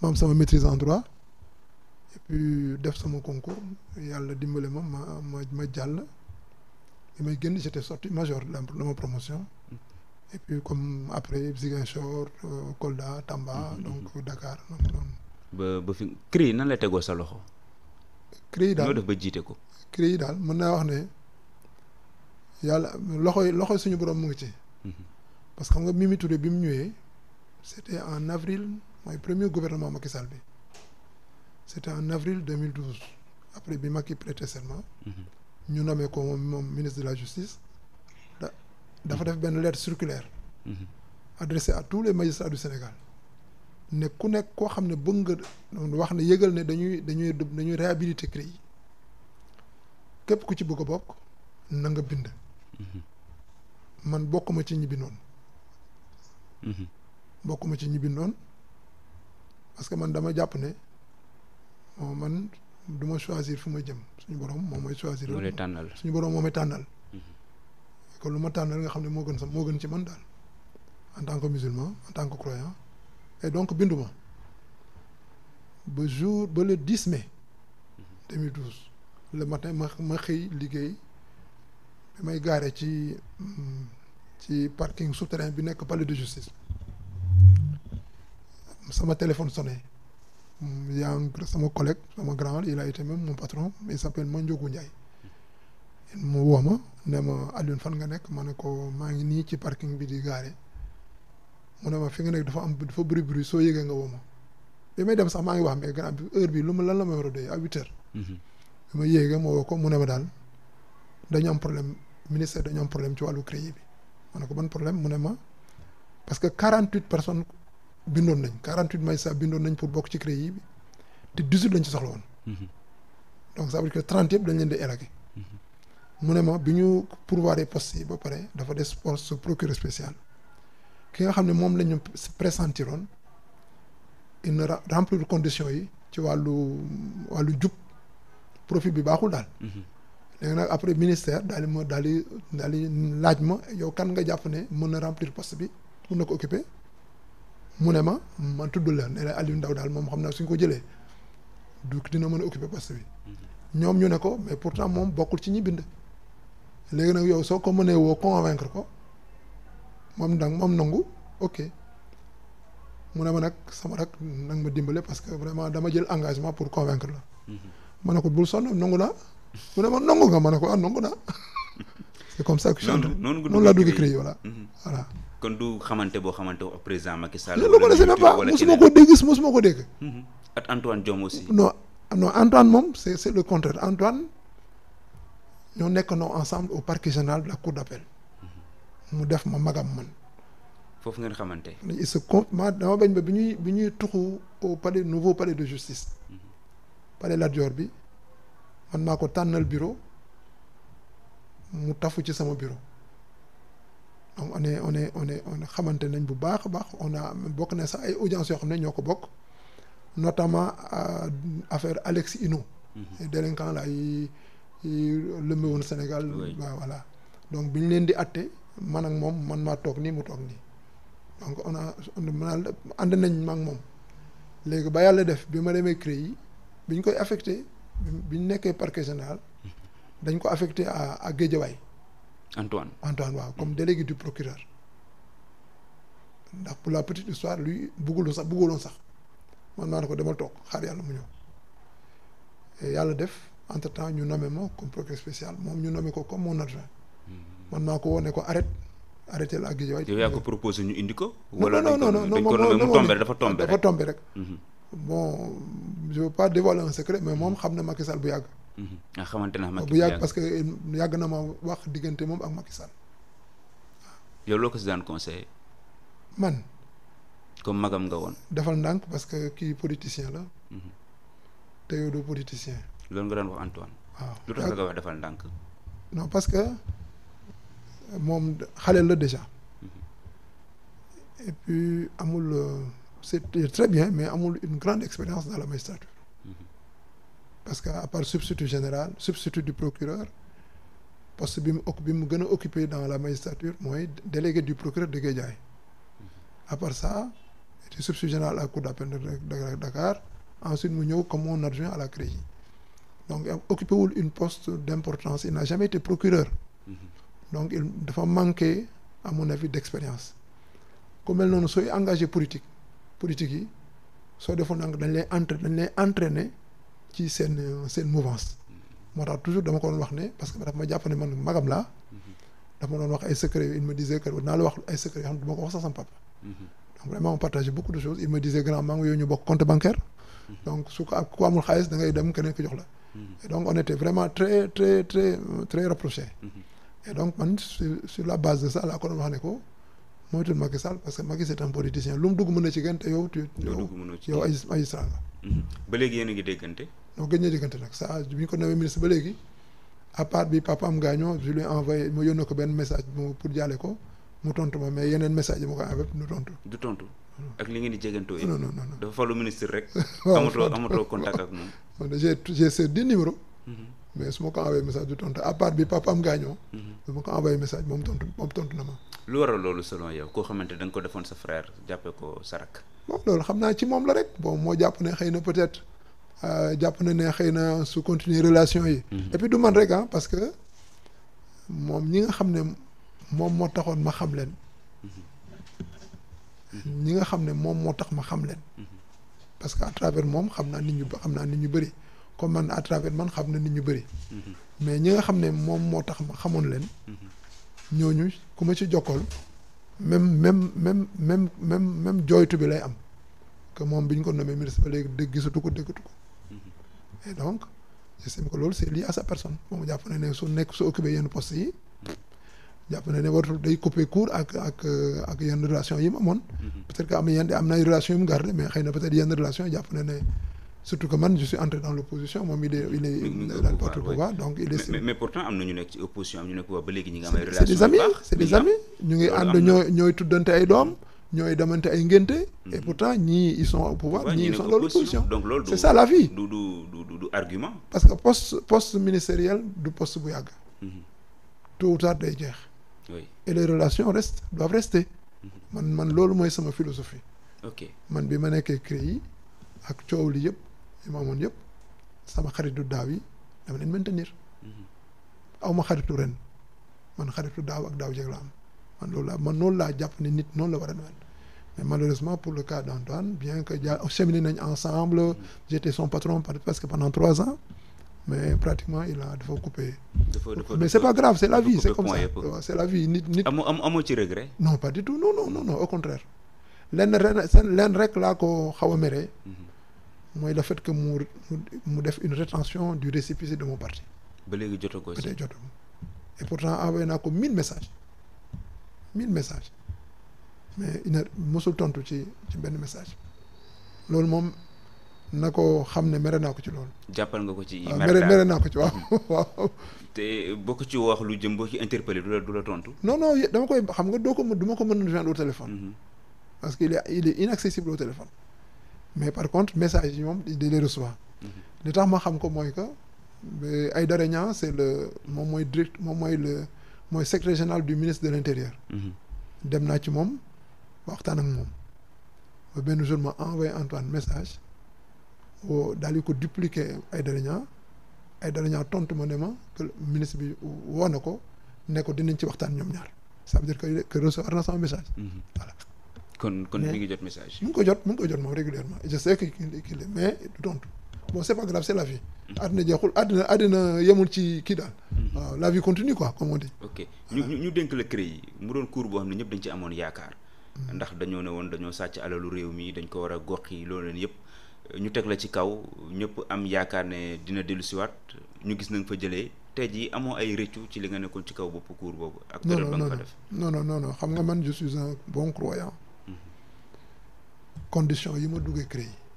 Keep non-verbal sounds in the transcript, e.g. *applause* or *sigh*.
ma am sama maîtrise en droit et puis def sama concours yàlla dimbale ma ma ma ma jàll bi may génn j'étais sorti major de ma promotion et puis comme après Ziguinchor euh, Kolda Tamba mm-hmm, mm-hmm. donc Dakar donc noonu ba ba nan la tegoo sa loxo yi daal ñoo def ba jiite ko yi daal mën naa wax ne yàlla yi loxo suñu borom mu ngi ci mm-hmm. parce que xam nga Mimi Touré bi mu ñëwee c'était en avril mooy premier gouvernement Macky Sall bi c'était en avril 2012 après bi Macky prêté serment mhm. ñu nommé ko moom moom ministre de la justice da dafa def benn lettre circulaire mhm. adressée à tous les magistrats du Sénégal ne ku nekk koo xam ne bëgg nga wax ne yëgal ne dañuy dañuy dañuy réhabiliter CREI képp ku ci bëgg a bokk na nga bind mhm. man bokkuma ci ñibbi noonu bokkuma ci ñibbi noonu parce que man dama jàpp ne moom man duma ma choisir fu ma jëm suñu borom moom mooy choisir. moo lay suñu borom moo may tànnal. Mhm. kon lu ma tànnal nga xam ne moo gën sax moo gën ci man daal en tant que musulman en tant que croyant et donc binduma ba jour ba le 10 mai. 2012 matin ma ma xëy liggéey bi may gaare ci ci parking souterrain bi nekk palais de justice. sama téléphone sonné il mm, y a sama collègue sama grand il a été même mon patron il s'appelle Mandiogu Ndiaye mu woo ma ne ma Alioune fan nga nekk ma ne ko maa ngi nii ci parking bi di gaare mu ne ma fi nga nekk dafa am dafa bëri bruit soo yëgee nga woo ma bi may dem sax maa ngi wax mais grand bi heure bi lu ma lan la ma war a doy à huit heures mhm. ma yéegee ma woo ko mu ne ma daal dañu am problème ministère dañu am problème ci wàllu crédit bi ma ne ko ban problème mu ne ma parce que quarante huit personnes bindoon nañ 48 magistrats bindoon nañ pour bokk ci CREI bi te 18 lañ ci soxla woon. Mhm. donc ça veut dire que yëpp dañ leen di élagué. Mhm. mu ne ma bi ñu pourvoir poste yi ba pare dafa des poste procureur spécial ki nga xam ne moom la ñu pressentiroon il ne remplir conditions yi ci wàllu wàllu jub profit bi baaxul daal. Mhm. léegi nag après ministère daal di ma daal di daal di laaj ma yow kan nga jàpp ne mën na remplir poste bi mën na ko occuper. mu ne ma man tudd la ne la Aliou Ndao daal moom xam naa suñ ko jëlee du dina mën a occuper poste bi ñoom ñu ne ko mais pourtant moom bokkul ci ñi bind léegi nag yow soo ko mënee woo convaincre ko moom dang moom nangu ok mu ne ma nag sama rak nag ma dimbale parce que vraiment dama jël engagement pour convaincre la mhm. ma ne ko bul sonn nangu naa mu ne ma nangu nga ma ne ko ah nangu naa *laughs* c'est comme ça que. noonu noonu noonu laa duggee CREI voilà. voilà kon du xamante boo xamante ak président Macky Sall. wala wala keneen wala keneen mosuma ko dégg gis mosuma ko dégg. ak Antoine Diome aussi. non non Antoine moom c'est c'est le contraire Antoine ñoo nekkandoo ensemble au parquet général de la cour d'appel. Mm-hmm. mu def ma magam man. foofu ngeen xamante. il se con ma dama bañ ba bi ñuy bi ñuy tuxu au palais nouveau palais de justice. Mm-hmm. palais Lat Dior bi man maa ko tànnal bureau. mu tafu ci sama bureau donc on est on est on xamante nañ bu baax a baax on a bokk na sax ay audience yoo xam ne ñoo ko bokk notamment euh, affaire Alex Inou mhm. délinquant la yi lëmbe woon Sénégal waaw voilà donc bi ñu leen di atte man ak moom man maa toog nii mu toog nii donc on a maanaam nañ maa ak moom léegi ba yàlla def bi ma demee CREI yi bi ñu koy affecté bi ñu nekkee parquet général dañ ko affecté à à Guédiawaye Antoine Antoine waaw comme délégué du procureur ndax pour la petite histoire lui bëgguloon sax bëgguloon sax man naa ne ko demal toog xaar yàlla mu ñëw yàlla def entre temps ñu nommé ma comme procureur spécial moom ñu nommé ko comme mon adjoint hmm. man maa ko woo ko arrête arrêté la ak Guédiawaye. yow yaa ko proposé ñu indi ko. wala non non non dañ ko nommé mu tombé dafa tombé rek dafa tombé rek. bon je veux pas dévoiler un secret mais moom xam ne Macky Sall bu yàgg. nga xamante ne Macky bu yàgg parce que yàgg na ma wax diggante moom ak Macky Sall yow loo ko si daan conseillé. man. comme magam nga woon. defal ndànk parce que kii politicien la. te yow doo politicien. loolu nga daan wax Antoine. waaw lu tax nga wax defal ndànk. non parce que moom xale la déjà. Mhm. et puis amul euh, c'est très bien mais amul une grande expérience dans la magistrature. parce que à part substitut général substitut du procureur poste bi mu bi mu gën a occupé dans la magistrature mooy délégué du procureur de Guédiawaye à part ça était substitut général à la cour d'appel de Dakar ensuite mu ñëw comme mon adjoint à la CREI donc euh, occupé wul une poste d'importance il n'a jamais été procureur mm-hmm. donc il dafa manqué à mon avis d'expérience comme mel noonu sooy engagé politique politique yi soo defoon nag dañ lay entre dañ lay entraîner ci seen seen mouvance moo tax toujours dama ko wax ne parce que dafa ma jàpp ne man magam laa dafa ma doon wax ay secret il la wax ay secret yoo xam ne du wax sax sama papa donc vraiment on partageait beaucoup de choses il me disait maa ngi yow ñu bokk compte bancaire donc su ko ku amul xaalis da ngay dem keneen jox la et donc on était vraiment très très très très donc man sur la base de ça laa ko wax ne ko moytul Macky Sall parce que Macky c'est un politicien lu mu na ci gën te yow tu yow ay magistrat nga ba léegi yéen a ngi déggante. non gëj na déggante nag ça bi ñu ko nawee ministre ba léegi à bi papa gaañoo benn message pour jàlle ko mu tontu ma mais yeneen message yi ma ko envoyé du tontu. du tontu ak li ngeen di jégantoo yi. non non non dafa falu ministre rek. *laughs* waaw moom. ko envoyé message moom tontu moom tontu na ma. lu waral loolu selon yow koo xamante da ko defoon sa frère jàppee ko sa rakk. bon loolu xam naa ci moom la rek bon moo jàpp ne xëy na peut-être euh, jàpp na ne xëy na su continuer relation yi. Mm-hmm. et puis du man rek ah parce que moom ñi nga xam ne moom moo taxoon ma xam leen. Mm-hmm. ñi nga xam ne moom moo tax ma xam leen. Mm-hmm. parce que à moom xam naa nit ñu xam naa nit ñu bëri comme man à travers man xam na nit ñu bëri. mais ñi nga xam ne moom moo tax ma xamoon leen. ñooñu ku ma ci jokkool. même même même même même même jooytu bi lay am que moom bi ñu ko nommé ministre ba léegi dégg gisatu ko déggatu mm-hmm. donc j'estime que loolu c'est lii à sa personne moom jàpp na ne su nekk su occupé yenn post yi jàpp na ne wartul day couper court ak ak ak yenn relation yi mu amoon mm-hmm. peut am na yenn na ay relation yu mu gardé mais xëy na peut-être relation jàpp na ne surtout que man je suis entré dans l'opposition moom i est il est dans le parti pouvoir donc il est mais na ñu nekk ci opposition am ñu ñu ngi ànd ñoo ñooy tuddante ay doom ñooy demante ay ngénte hmm. et pourtant ñii ils sont au pouvoir ñii ils sont dans l'opposition donc loolu c'est ça la vie du du du du argument parce que poste poste ministériel du post bu yàgg hmm. tout ou tard day jeex et les relations restent doivent hmm. man man loolu mooy sama philosophie ok man bi ma nekkee CREI ak coow li yëpp li ma amoon yëpp sama xaritu daaw yi dama leen maintenir mhm. aw ma xaritu ren man xaritu daaw ak daaw jeg man loolu laa man noonu laa jàpp ne nit noonu la war a mel pour le cas d'Antoine bien que ja cheminé nañ ensemble mhm. j'étais son patron parce que pendant trois ans mais pratiquement il a dafa coupé. dafa dafa mais c'est pas grave c'est la vie c'est comme ça waaw c'est la vie nit nit. non pas du non non non non lenn rek laa ko xaw a mooy le fait que mu mu def une rétention du récépissé de mon parti. ba léegi jotoo ko si ba tey jotoo naa ko mille messages mille messages mais ina mosul tontu ci ci benn message loolu moom na ko xam ne mere naa ko ci loolu. jàppal nga ko ci ah, mere mere naa ko ci waaw *laughs* waaw. te boo ko ci wax lu jëm boo ci interpellé du la du la tontu. non non dama koy xam nga doo ko duma du ma ko mën a joindre au téléphone. Mm-hmm. parce que il est il est inaccessible au téléphone. mais par contre message yi moom di les recevoir mhm. li tax ma xam ko mooy que Aïdara Niang c'est le moom mooy direct moom mooy le mooy secrétaire général du ministre de l'intérieur mhm. dem naa ci moom waxtaan ak moom ba benn jour ma envoyé Antoine message daal di ko dupliquer Aïdara ay Aïdara Niang tontu ma ne ma que ministre bi woo na ko nekk ko dinañ ci waxtaan ñoom ñaar ça veut dire que que na sama message mhm. kon kon mi ngi jot message. mi ko jot mi jot moom régulièrement je sais que kii la mais du tontu bon c'est pas grave c'est la vie. Mm-hmm. àddina jeexul àddina yemul ci kii daal. Mm-hmm. waaw la vie continue quoi comme on dit. ñu ñu dénk la yi mu doon cours boo xam ne ñëpp dañ ci amoon yaakaar. Mm-hmm. ndax dañoo ne woon dañoo sàcc alalu réew mii dañ ko war a gox yi loolu leen yëpp. ñu teg la ci kaw ñëpp am yaakaar ne dina dellu siwaat ñu gis nañ fa jëlee tey jii amoon ay rëccu ci li nga nekkoon ci kaw bopp cours boobu. ak période ba nga ko xam nga man je suis un condition yi ma duggee CREI